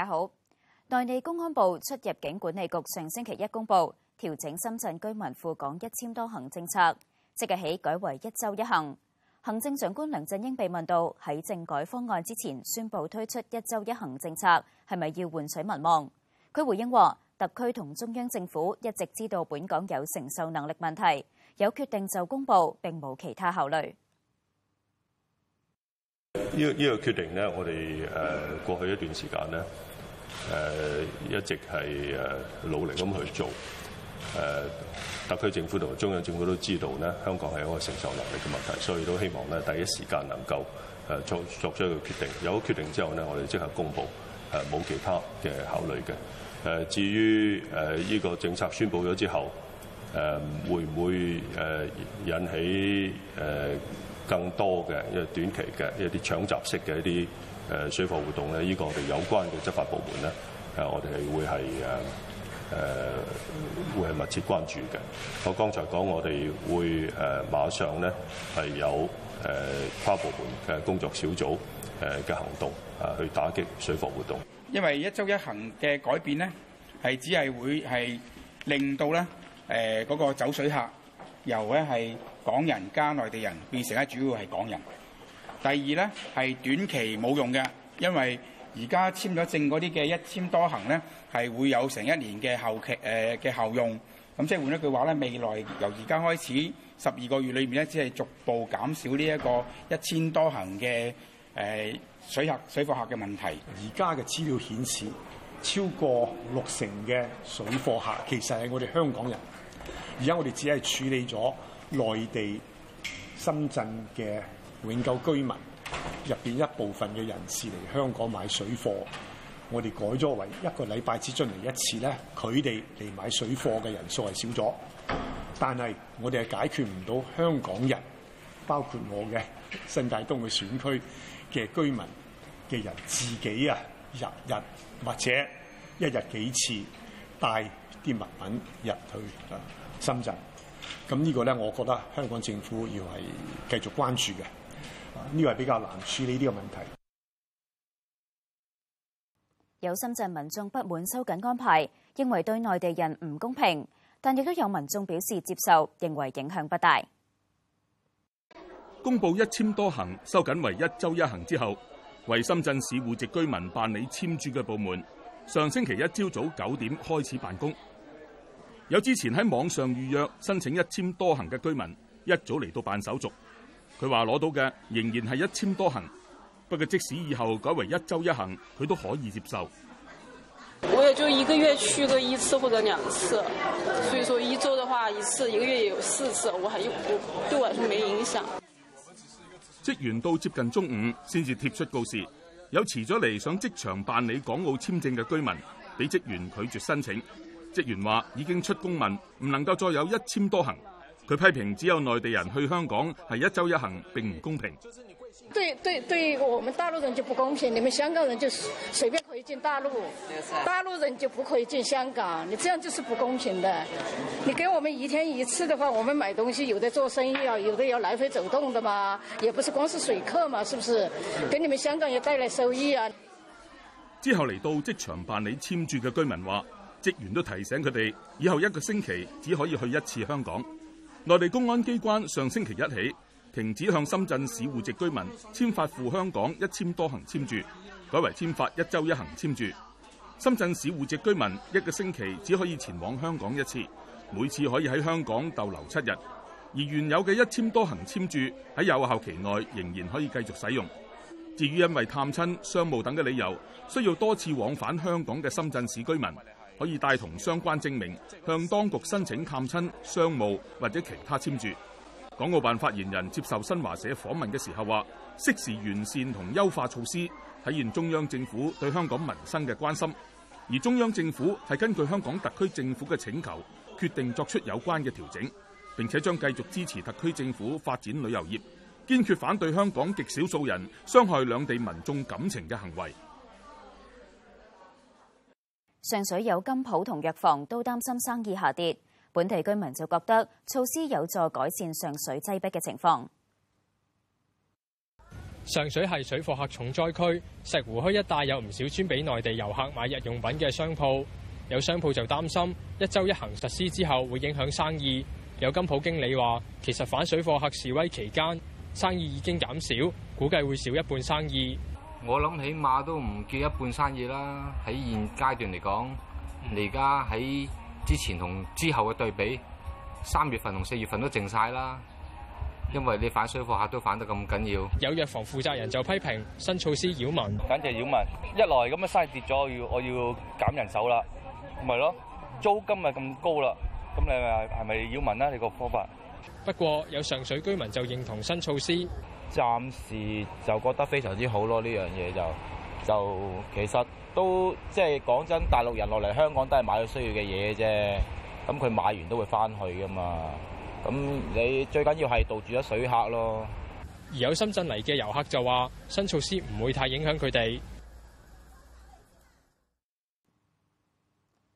大家好，內地公安部出入境管理局上星期一公布，調整深圳居民赴港一簽多行政策，即日起改為一周一行。行政長官梁振英被問到喺政改方案之前宣布推出一周一行政策，係咪要換取民望？佢回應話，特區同中央政府一直知道本港有承受能力問題，有決定就公布，並冇其他考慮。呢呢、這個這個決定呢，我哋誒、呃、過去一段時間呢。呃、一直係、呃、努力咁去做、呃，特區政府同中央政府都知道咧，香港係一個承受能力嘅問題，所以都希望咧第一時間能夠誒、呃、作作出一個決定，有決定之後呢，我哋即刻公布，誒、呃、冇其他嘅考慮嘅、呃。至於誒依、呃呢個政策宣佈咗之後，誒、呃、會唔會、呃、引起、呃、更多嘅一短期嘅一啲搶閘式嘅一啲。誒水貨活動咧，呢個我哋有關嘅執法部門咧，誒我哋係會係誒誒會係密切關注嘅。我剛才講，我哋會誒馬上咧係有誒跨部門嘅工作小組誒嘅行動去打擊水貨活動。因為一周一行嘅改變咧，係只係會係令到咧誒嗰個走水客由咧係港人加內地人變成咧主要係港人。第二咧係短期冇用嘅，因為而家簽咗證嗰啲嘅一簽多行咧係會有成一年嘅後期誒嘅效用。咁、嗯、即係換一句話咧，未來由而家開始十二個月裏面咧，只係逐步減少呢一個一簽多行嘅誒水客、水貨客嘅問題。而家嘅資料顯示，超過六成嘅水貨客其實係我哋香港人，而家我哋只係處理咗內地、深圳嘅。永久居民入邊一部分嘅人士嚟香港買水貨，我哋改咗為一個禮拜只進嚟一次咧。佢哋嚟買水貨嘅人數係少咗，但係我哋係解決唔到香港人，包括我嘅新界東嘅選區嘅居民嘅人自己啊，日日或者一日幾次帶啲物品入去啊深圳。咁呢個咧，我覺得香港政府要係繼續關注嘅。呢個比較難處理呢個問題。有深圳民眾不滿收緊安排，認為對內地人唔公平，但亦都有民眾表示接受，認為影響不大。公布一簽多行收緊為一周一行之後，為深圳市戶籍居民辦理簽注嘅部門，上星期一朝早九點開始辦公。有之前喺網上預約申請一簽多行嘅居民，一早嚟到辦手續。.佢話攞到嘅仍然係一簽多行，不過即使以後改為一周一行，佢都可以接受。我也就一個月去過一次或者兩次，所以說一周的話一次，一個月也有四次，我還我對我係沒影響。職員到接近中午先至貼出告示，有遲咗嚟想即場辦理港澳簽證嘅居民，俾職員拒絕申請。職員話已經出公文，唔能夠再有一簽多行。佢批評只有內地人去香港係一週一行並唔公平。對對對，我們大陸人就不公平，你們香港人就隨便可以進大陸，大陸人就不可以進香港。你這樣就是不公平的。你給我們一天一次的話，我們買東西，有的做生意啊，有的要來回走動的嘛，也不是光是水客嘛，是不是？給你們香港也帶來收益啊。之後嚟到職場辦理簽注嘅居民話，職員都提醒佢哋以後一個星期只可以去一次香港。內地公安機關上星期一起停止向深圳市戶籍居民簽發赴香港一簽多行簽注，改為簽發一周一行簽注。深圳市戶籍居民一個星期只可以前往香港一次，每次可以喺香港逗留七日。而原有嘅一簽多行簽注喺有效期內仍然可以繼續使用。至於因為探親、商務等嘅理由，需要多次往返香港嘅深圳市居民，可以帶同相關證明向當局申請探親、商務或者其他簽注。港澳辦發言人接受新華社訪問嘅時候話，適時完善同優化措施，體現中央政府對香港民生嘅關心。而中央政府係根據香港特區政府嘅請求，決定作出有關嘅調整，並且將繼續支持特區政府發展旅遊業，堅決反對香港極少數人傷害兩地民眾感情嘅行為。上水有金鋪同藥房都擔心生意下跌，本地居民就覺得措施有助改善上水擠逼嘅情況。上水係水貨客重災區，石湖墟一帶有唔少專俾內地遊客買日用品嘅商鋪，有商鋪就擔心一周一行實施之後會影響生意。有金鋪經理話，其實反水貨客示威期間生意已經減少，估計會少一半生意。我諗起碼都唔見一半生意啦，喺現階段嚟講，你而家喺之前同之後嘅對比，三月份同四月份都靜晒啦，因為你反水貨客都反得咁緊要。有藥房負責人就批評新措施擾民，簡直擾民！一來咁嘅嘥跌咗，我要我要減人手啦，咪咯？租金咪咁高啦，咁你咪係咪擾民啦？你個方法。不過有上水居民就認同新措施。暫時就覺得非常之好咯。呢樣嘢就就其實都即係講真，大陸人落嚟香港都係買到需要嘅嘢啫。咁佢買完都會翻去噶嘛。咁你最緊要係杜住咗水客咯。而有深圳嚟嘅遊客就話：新措施唔會太影響佢哋。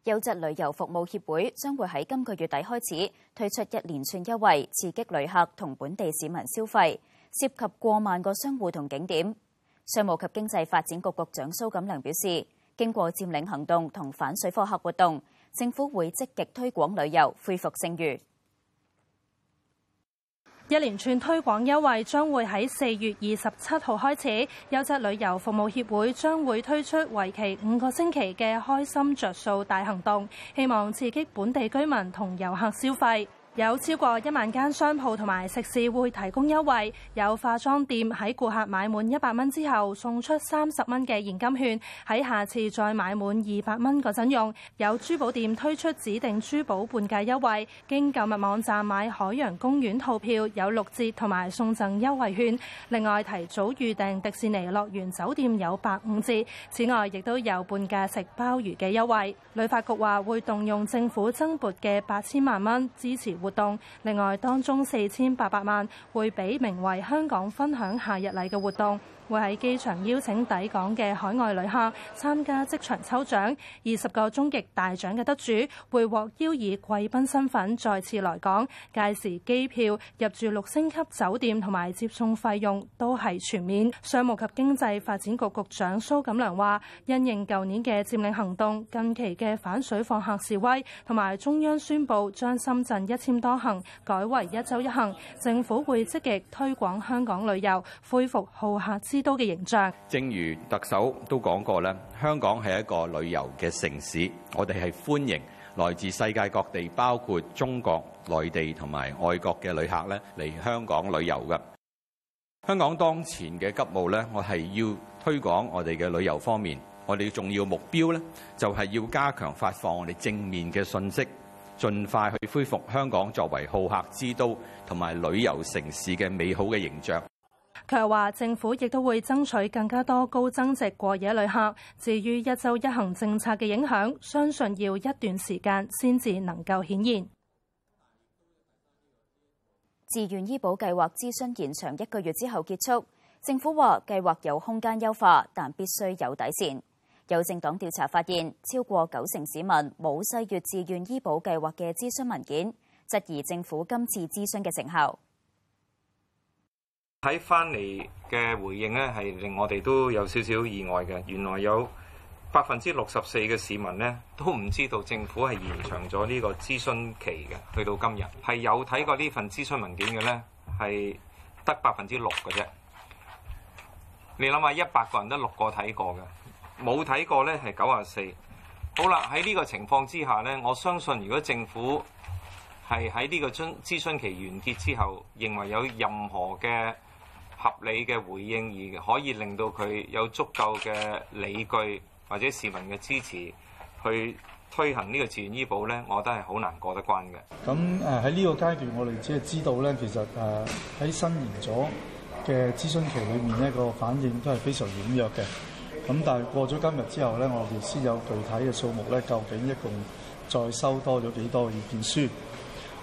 優質旅遊服務協會將會喺今個月底開始推出一連串優惠，刺激旅客同本地市民消費。涉及過萬個商戶同景點，商務及經濟發展局局長蘇錦樑表示，經過佔領行動同反水貨客活動，政府會積極推廣旅遊，恢復聲譽。一連串推廣優惠將會喺四月二十七號開始，優質旅遊服務協會將會推出為期五個星期嘅開心着數大行動，希望刺激本地居民同遊客消費。有超過一萬間商鋪同埋食肆會提供優惠，有化妝店喺顧客買滿一百蚊之後送出三十蚊嘅現金券，喺下次再買滿二百蚊嗰陣用；有珠寶店推出指定珠寶半價優惠，經購物網站買海洋公園套票有六折同埋送贈優惠券。另外，提早預訂迪士尼樂園酒店有八五折。此外，亦都有半價食鮑魚嘅優惠。旅發局話會動用政府增撥嘅八千萬蚊支持。活動，另外，當中四千八百萬會俾名為香港分享夏日禮嘅活動。會喺機場邀請抵港嘅海外旅客參加即場抽獎，二十個終極大獎嘅得主會獲邀以貴賓身份再次來港，屆時機票、入住六星級酒店同埋接送費用都係全免。商務及經濟發展局局長蘇錦良話：因應舊年嘅佔領行動、近期嘅反水貨客示威同埋中央宣布將深圳一簽多行改為一周一行，政府會積極推廣香港旅遊，恢復好客之多嘅形象，正如特首都講過咧，香港係一個旅遊嘅城市，我哋係歡迎來自世界各地，包括中國內地同埋外國嘅旅客咧嚟香港旅遊嘅。香港當前嘅急務咧，我係要推廣我哋嘅旅遊方面，我哋重要目標咧就係要加強發放我哋正面嘅信息，盡快去恢復香港作為好客之都同埋旅遊城市嘅美好嘅形象。佢又話，政府亦都會爭取更加多高增值過夜旅客。至於一週一行政策嘅影響，相信要一段時間先至能夠顯現。自願醫保計劃諮詢延長一個月之後結束，政府話計劃有空間優化，但必須有底線。有政黨調查發現，超過九成市民冇細閱自願醫保計劃嘅諮詢文件，質疑政府今次諮詢嘅成效。睇翻嚟嘅回應咧，係令我哋都有少少意外嘅。原來有百分之六十四嘅市民咧，都唔知道政府係延長咗呢個諮詢期嘅，去到今日係有睇過呢份諮詢文件嘅咧，係得百分之六嘅啫。你諗下，一百個人得六個睇過嘅，冇睇過咧係九十四。好啦，喺呢個情況之下咧，我相信如果政府係喺呢個諮諮詢期完結之後，認為有任何嘅。合理嘅回應，而可以令到佢有足夠嘅理據或者市民嘅支持去推行呢個自願醫保咧，我覺得係好難過得關嘅。咁誒喺呢個階段，我哋只係知道咧，其實誒喺，呃，新延咗嘅諮詢期裏面咧，個反應都係非常軟弱嘅。咁但係過咗今日之後咧，我哋先有具體嘅數目咧，究竟一共再收多咗幾多意見書。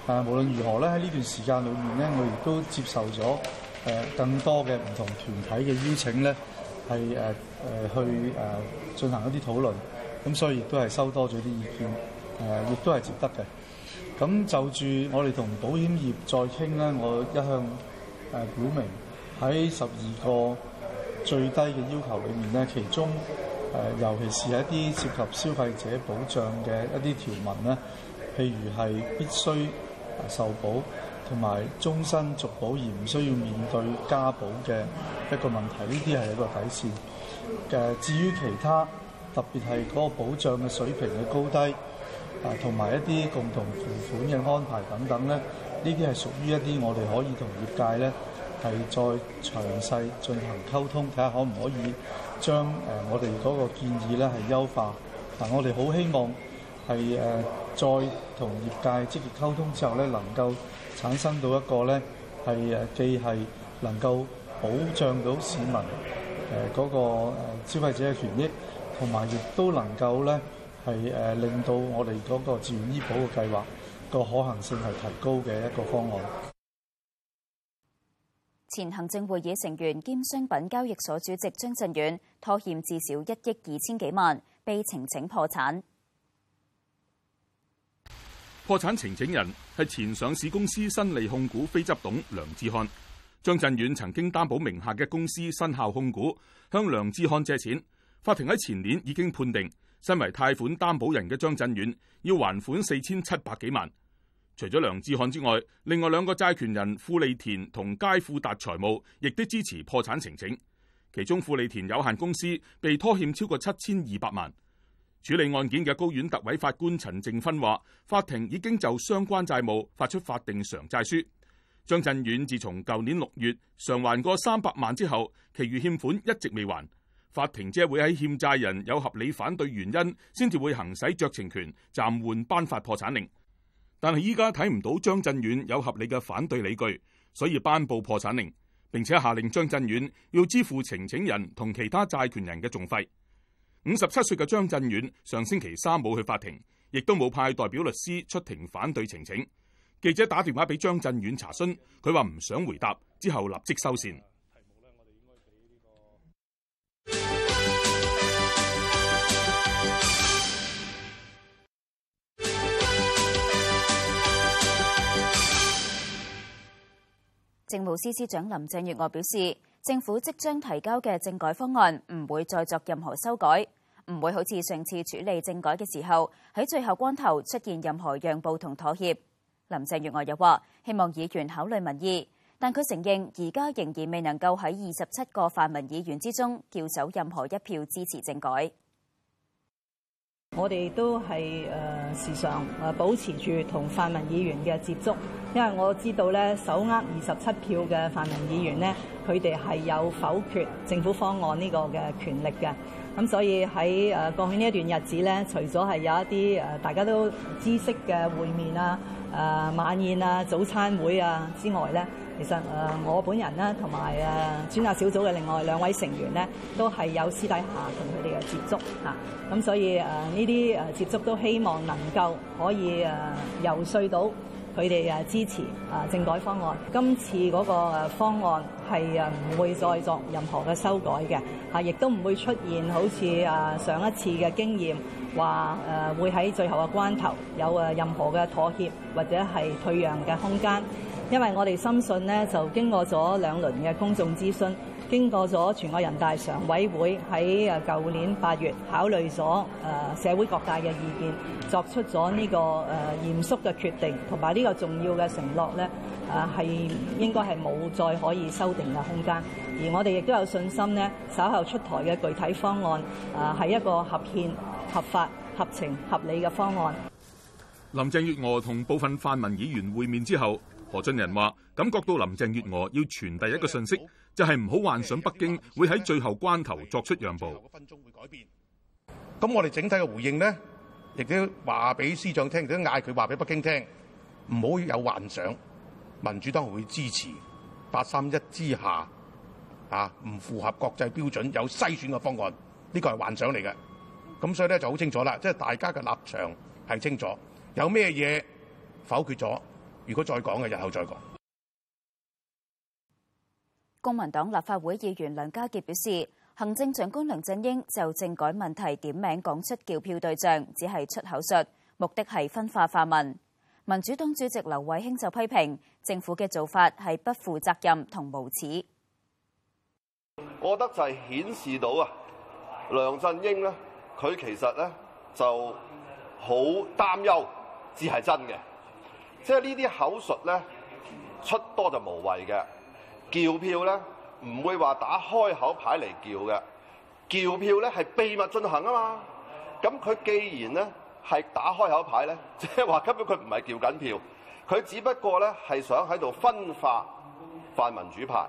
誒，無論如何咧，喺呢段時間裏面咧，我亦都接受咗。誒更多嘅唔同團體嘅邀請咧，係誒誒去誒、啊、進行一啲討論，咁所以亦都係收多咗啲意見，誒、啊、亦都係值得嘅。咁就住我哋同保險業再傾咧，我一向誒表明喺十二個最低嘅要求裏面咧，其中誒、啊、尤其是一啲涉及消費者保障嘅一啲條文咧，譬如係必須受保，同埋終身續保而唔需要面對加保嘅一個問題，呢啲係一個底線嘅。至於其他特別係嗰個保障嘅水平嘅高低，啊同埋一啲共同付款嘅安排等等咧，呢啲係屬於一啲我哋可以同業界咧係再詳細進行溝通，睇下可唔可以將誒、啊、我哋嗰個建議咧係優化。但、啊、我哋好希望係誒、啊、再同業界積極溝通之後咧，能夠。產生到一個咧係誒，既係能夠保障到市民誒嗰個誒消費者嘅權益，同埋亦都能夠咧係誒令到我哋嗰個自願醫保嘅計劃個可行性係提高嘅一個方案。前行政會議成員兼商品交易所主席張震遠拖欠至少一億二千幾萬，被呈請破產。破產呈請人係前上市公司新利控股非執董梁志漢，張震遠曾經擔保名下嘅公司新效控股向梁志漢借錢，法庭喺前年已經判定身為貸款擔保人嘅張震遠要還款四千七百幾萬。除咗梁志漢之外，另外兩個債權人富利田同佳富達財務亦都支持破產呈請，其中富利田有限公司被拖欠超過七千二百萬。處理案件嘅高院特委法官陳正芬話，法庭已經就相關債務發出法定償債書。張震遠自從舊年六月償還過三百萬之後，其餘欠款一直未還。法庭只會喺欠債人有合理反對原因，先至會行使酌情權暫緩頒發破產令。但係依家睇唔到張震遠有合理嘅反對理據，所以頒布破產令，並且下令張震遠要支付呈請人同其他債權人嘅訟費。五十七歲嘅張震遠上星期三冇去法庭，亦都冇派代表律師出庭反對呈請。記者打電話俾張震遠查詢，佢話唔想回答，之後立即收線。政務司司長林鄭月娥表示，政府即將提交嘅政改方案唔會再作任何修改。唔會好似上次處理政改嘅時候，喺最後關頭出現任何讓步同妥協。林鄭月娥又話：希望議員考慮民意，但佢承認而家仍然未能夠喺二十七個泛民議員之中叫走任何一票支持政改。我哋都係誒、呃、時常誒、呃、保持住同泛民議員嘅接觸，因為我知道咧，手握二十七票嘅泛民議員咧，佢哋係有否決政府方案呢個嘅權力嘅。咁所以喺誒過去呢一段日子咧，除咗係有一啲誒大家都知悉嘅會面啊、誒、呃、晚宴啊、早餐會啊之外咧。其實誒我本人咧，同埋誒專責小組嘅另外兩位成員咧，都係有私底下同佢哋嘅接觸嚇，咁所以誒呢啲誒接觸都希望能夠可以誒遊說到佢哋誒支持啊政改方案。今次嗰個誒方案係唔會再作任何嘅修改嘅，嚇亦都唔會出現好似誒上一次嘅經驗，話誒會喺最後嘅關頭有誒任何嘅妥協或者係退讓嘅空間。因為我哋深信呢就經過咗兩輪嘅公眾諮詢，經過咗全國人大常委會喺誒舊年八月考慮咗社會各界嘅意見，作出咗呢個嚴肅嘅決定，同埋呢個重要嘅承諾呢係應該係冇再可以修訂嘅空間。而我哋亦都有信心呢稍後出台嘅具體方案誒係一個合憲、合法、合情、合理嘅方案。林鄭月娥同部分泛民議員會面之後，何俊仁話：感覺到林鄭月娥要傳遞一個信息，就係唔好幻想北京會喺最後關頭作出讓步。咁我哋整體嘅回應呢，亦都話俾司長聽，亦都嗌佢話俾北京聽，唔好有幻想。民主黨會支持八三一之下，啊，唔符合國際標準有篩選嘅方案，呢個係幻想嚟嘅。咁所以咧就好清楚啦，即係大家嘅立場係清楚，有咩嘢否決咗。如果再講嘅，日後再講。公民黨立法會議員梁家傑表示，行政長官梁振英就政改問題點名講出叫票對象，只係出口術，目的係分化泛民。民主黨主席劉慧卿就批評政府嘅做法係不負責任同無恥。我覺得就係顯示到啊，梁振英呢，佢其實呢就好擔憂，只係真嘅。即係呢啲口述咧，出多就無謂嘅。叫票咧，唔會話打開口牌嚟叫嘅。叫票咧係秘密進行啊嘛。咁佢既然咧係打開口牌咧，即係話根本佢唔係叫緊票，佢只不過咧係想喺度分化泛民主派。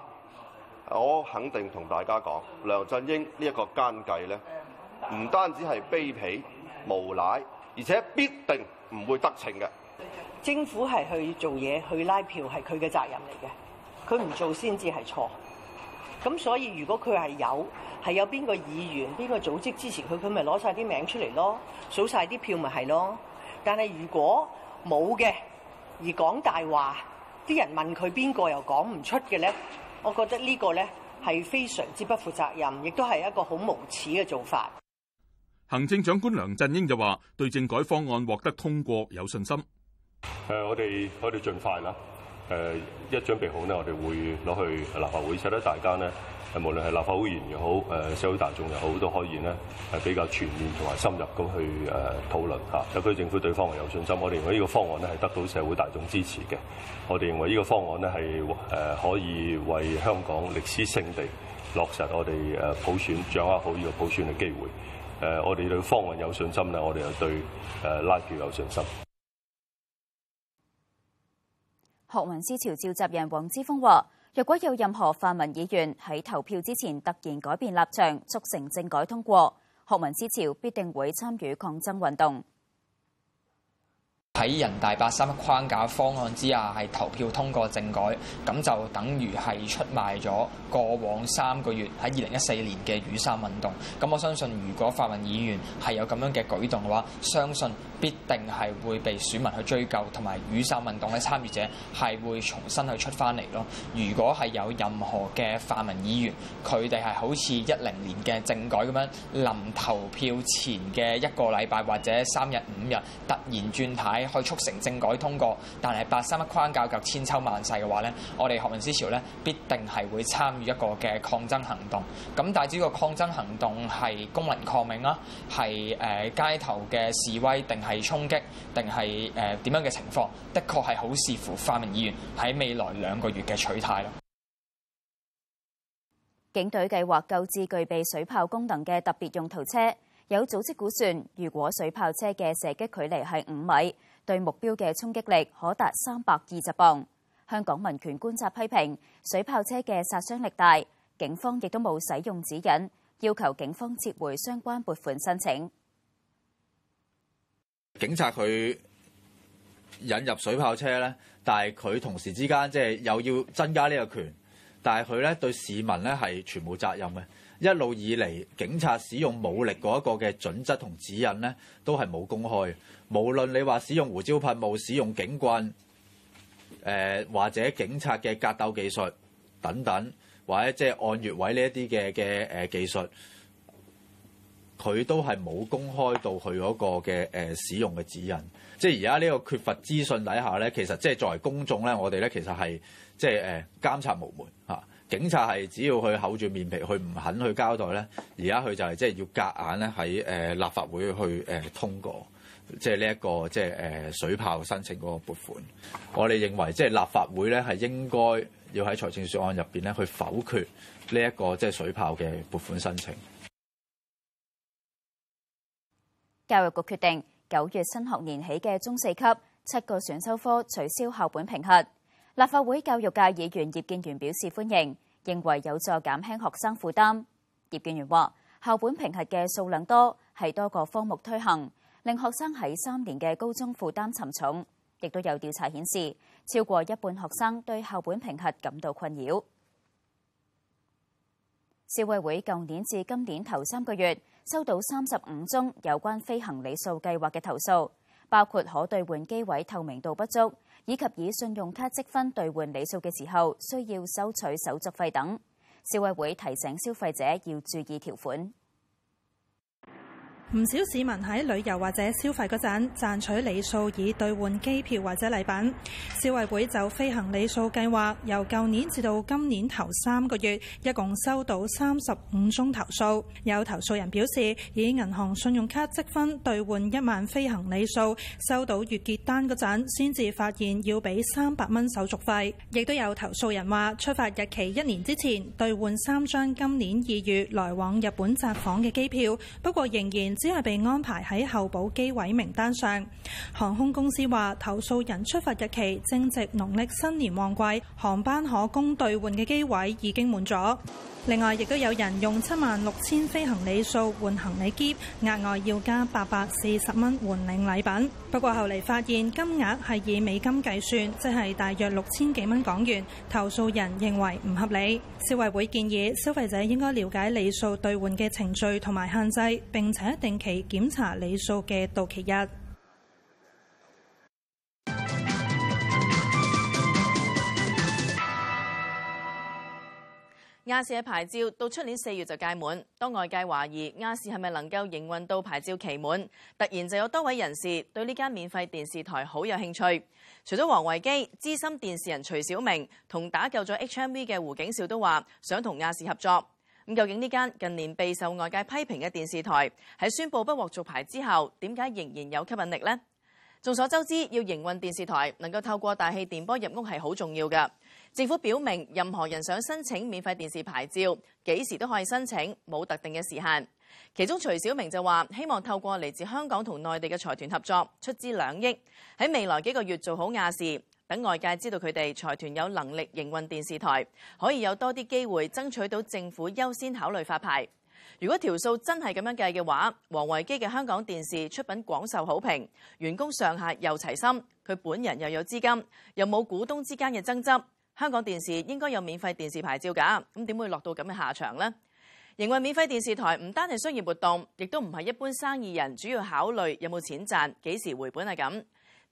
我肯定同大家講，梁振英呢一個奸計咧，唔單止係卑鄙無賴，而且必定唔會得逞嘅。政府係去做嘢，去拉票係佢嘅責任嚟嘅。佢唔做先至係錯。咁所以如果佢係有係有邊個議員、邊個組織支持佢，佢咪攞晒啲名出嚟咯，數晒啲票咪係咯。但係如果冇嘅而講大話，啲人問佢邊個又講唔出嘅咧，我覺得呢個咧係非常之不負責任，亦都係一個好無恥嘅做法。行政長官梁振英就話：對政改方案獲得通過有信心。誒，我哋我哋盡快啦。誒，一準備好呢，我哋會攞去立法會，使得大家呢，無論係立法會議員又好，誒，社會大眾又好，都可以呢，係比較全面同埋深入咁去誒討論吓。特區政府對方案有信心，我哋認為呢個方案呢，係得到社會大眾支持嘅。我哋認為呢個方案呢，係誒可以為香港歷史性地落實我哋誒普選，掌握好呢個普選嘅機會。誒，我哋對方案有信心呢，我哋又對誒拉票有信心。學民思潮召集人黃之鋒話：若果有任何泛民議員喺投票之前突然改變立場，促成政改通過，學民思潮必定會參與抗爭運動。喺人大八三框架方案之下，係投票通過政改，咁就等於係出賣咗過往三個月喺二零一四年嘅雨傘運動。咁我相信，如果泛民議員係有咁樣嘅舉動嘅話，相信，必定係會被選民去追究，同埋雨傘運動嘅參與者係會重新去出翻嚟咯。如果係有任何嘅泛民議員，佢哋係好似一零年嘅政改咁樣，臨投票前嘅一個禮拜或者三日五日，突然轉軚去促成政改通過，但係八三一框架及千秋萬世嘅話咧，我哋學民思潮咧必定係會參與一個嘅抗爭行動，咁但係呢個抗爭行動係公民抗命啦，係誒街頭嘅示威定係衝擊定係誒點樣嘅情況，的確係好視乎泛民議員喺未來兩個月嘅取態咯。警隊計劃購置具備水炮功能嘅特別用途車，有組織估算，如果水炮車嘅射擊距離係五米，對目標嘅衝擊力可達三百二十磅。香港民權觀察批評水炮車嘅殺傷力大，警方亦都冇使用指引，要求警方撤回相關撥款申請。警察佢引入水炮車咧，但係佢同時之間即係又要增加呢個權，但係佢咧對市民咧係全無責任嘅。一路以嚟，警察使用武力嗰一個嘅準則同指引咧，都係冇公開。無論你話使用胡椒噴霧、使用警棍、誒、呃、或者警察嘅格鬥技術等等，或者即係按穴位呢一啲嘅嘅誒技術。佢都係冇公開到佢嗰個嘅誒使用嘅指引，即係而家呢個缺乏資訊底下咧，其實即係作為公眾咧，我哋咧其實係即係誒監察無門嚇。警察係只要佢厚住面皮，佢唔肯去交代咧，而家佢就係即係要隔硬咧喺誒立法會去誒通過，即係呢一個即係誒水炮申請嗰個撥款。我哋認為即係立法會咧係應該要喺財政事案入邊咧去否決呢一個即係水炮嘅撥款申請。教育局決定九月新學年起嘅中四級七個選修科取消校本評核。立法會教育界議員葉建源表示歡迎，認為有助減輕學生負擔。葉建源話：校本評核嘅數量多，係多個科目推行，令學生喺三年嘅高中負擔沉重。亦都有調查顯示，超過一半學生對校本評核感到困擾。消委會舊年至今年頭三個月，收到三十五宗有關飛行里數計劃嘅投訴，包括可兌換機位透明度不足，以及以信用卡積分兌換里數嘅時候需要收取手續費等。消委會提醒消費者要注意條款。唔少市民喺旅遊或者消費嗰陣賺取里數以兌換機票或者禮品。消委會就飛行里數計劃，由舊年至到今年頭三個月，一共收到三十五宗投訴。有投訴人表示，以銀行信用卡積分兌換一萬飛行里數，收到月結單嗰陣先至發現要俾三百蚊手續費。亦都有投訴人話，出發日期一年之前兌換三張今年二月來往日本札幌嘅機票，不過仍然，只係被安排喺候補機位名單上。航空公司話：投訴人出發日期正值農曆新年旺季，航班可供兌換嘅機位已經滿咗。另外，亦都有人用七萬六千飛行里數換行李篋，額外要加八百四十蚊換領禮品。不過後嚟發現金額係以美金計算，即係大約六千幾蚊港元。投訴人認為唔合理。消委會建議消費者應該了解里數兌換嘅程序同埋限制，並且一定定期檢查理數嘅到期日。亞視嘅牌照到出年四月就屆滿，當外界懷疑亞視係咪能夠營運到牌照期滿，突然就有多位人士對呢間免費電視台好有興趣。除咗王維基，資深電視人徐小明同打救咗 H M V 嘅胡景兆都話想同亞視合作。究竟呢間近年備受外界批評嘅電視台喺宣布不獲續牌之後，點解仍然有吸引力呢？眾所周知，要營運電視台能夠透過大氣電波入屋係好重要㗎。政府表明，任何人想申請免費電視牌照，幾時都可以申請，冇特定嘅時限。其中，徐小明就話希望透過嚟自香港同內地嘅財團合作，出資兩億，喺未來幾個月做好亞視。等外界知道佢哋財團有能力營運電視台，可以有多啲機會爭取到政府優先考慮發牌。如果條數真係咁樣計嘅話，王維基嘅香港電視出品廣受好評，員工上下又齊心，佢本人又有資金，又冇股東之間嘅爭執，香港電視應該有免費電視牌照噶，咁點會落到咁嘅下場呢？營運免費電視台唔單係商業活動，亦都唔係一般生意人主要考慮有冇錢賺，幾時回本啊咁。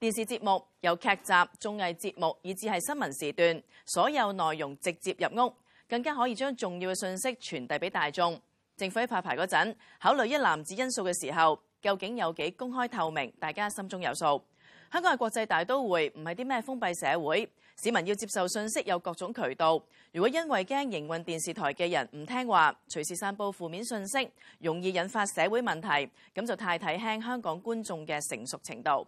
電視節目有劇集、綜藝節目，以至係新聞時段，所有內容直接入屋，更加可以將重要嘅信息傳遞俾大眾。政府喺發牌嗰陣考慮一籃子因素嘅時候，究竟有幾公開透明，大家心中有數。香港係國際大都會，唔係啲咩封閉社會，市民要接受信息有各種渠道。如果因為驚營運電視台嘅人唔聽話，隨時散佈負面信息，容易引發社會問題，咁就太睇輕香港觀眾嘅成熟程度。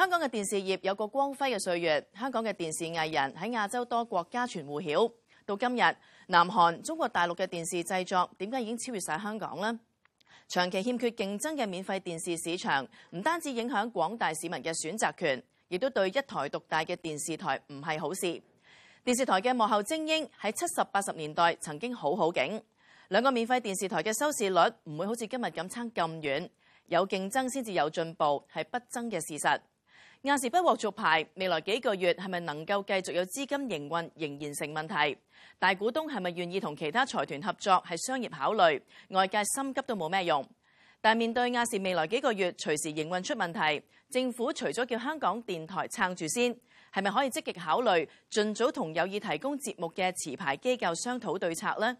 香港嘅電視業有個光輝嘅歲月，香港嘅電視藝人喺亞洲多國家傳戶曉。到今日，南韓、中國大陸嘅電視製作點解已經超越晒香港呢？長期欠缺競爭嘅免費電視市場，唔單止影響廣大市民嘅選擇權，亦都對一台獨大嘅電視台唔係好事。電視台嘅幕後精英喺七十八十年代曾經好好景，兩個免費電視台嘅收視率唔會好似今日咁差咁遠。有競爭先至有進步，係不爭嘅事實。亞視不獲續牌，未來幾個月係咪能夠繼續有資金營運仍然成問題？大股東係咪願意同其他財團合作係商業考慮？外界心急都冇咩用。但面對亞視未來幾個月隨時營運出問題，政府除咗叫香港電台撐住先，係咪可以積極考慮盡早同有意提供節目嘅持牌機構商討對策呢？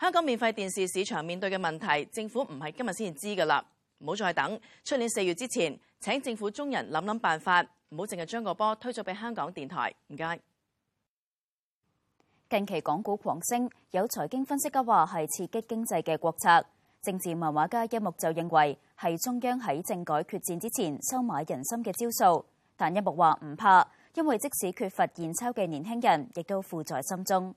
香港免費電視市場面對嘅問題，政府唔係今日先知噶啦。唔好再等，出年四月之前，請政府中人諗諗辦法，唔好淨係將個波推咗俾香港電台。唔該。近期港股狂升，有財經分析家話係刺激經濟嘅國策。政治漫畫家一木就認為係中央喺政改決戰之前收買人心嘅招數，但一木話唔怕，因為即使缺乏現鈔嘅年輕人，亦都負在心中。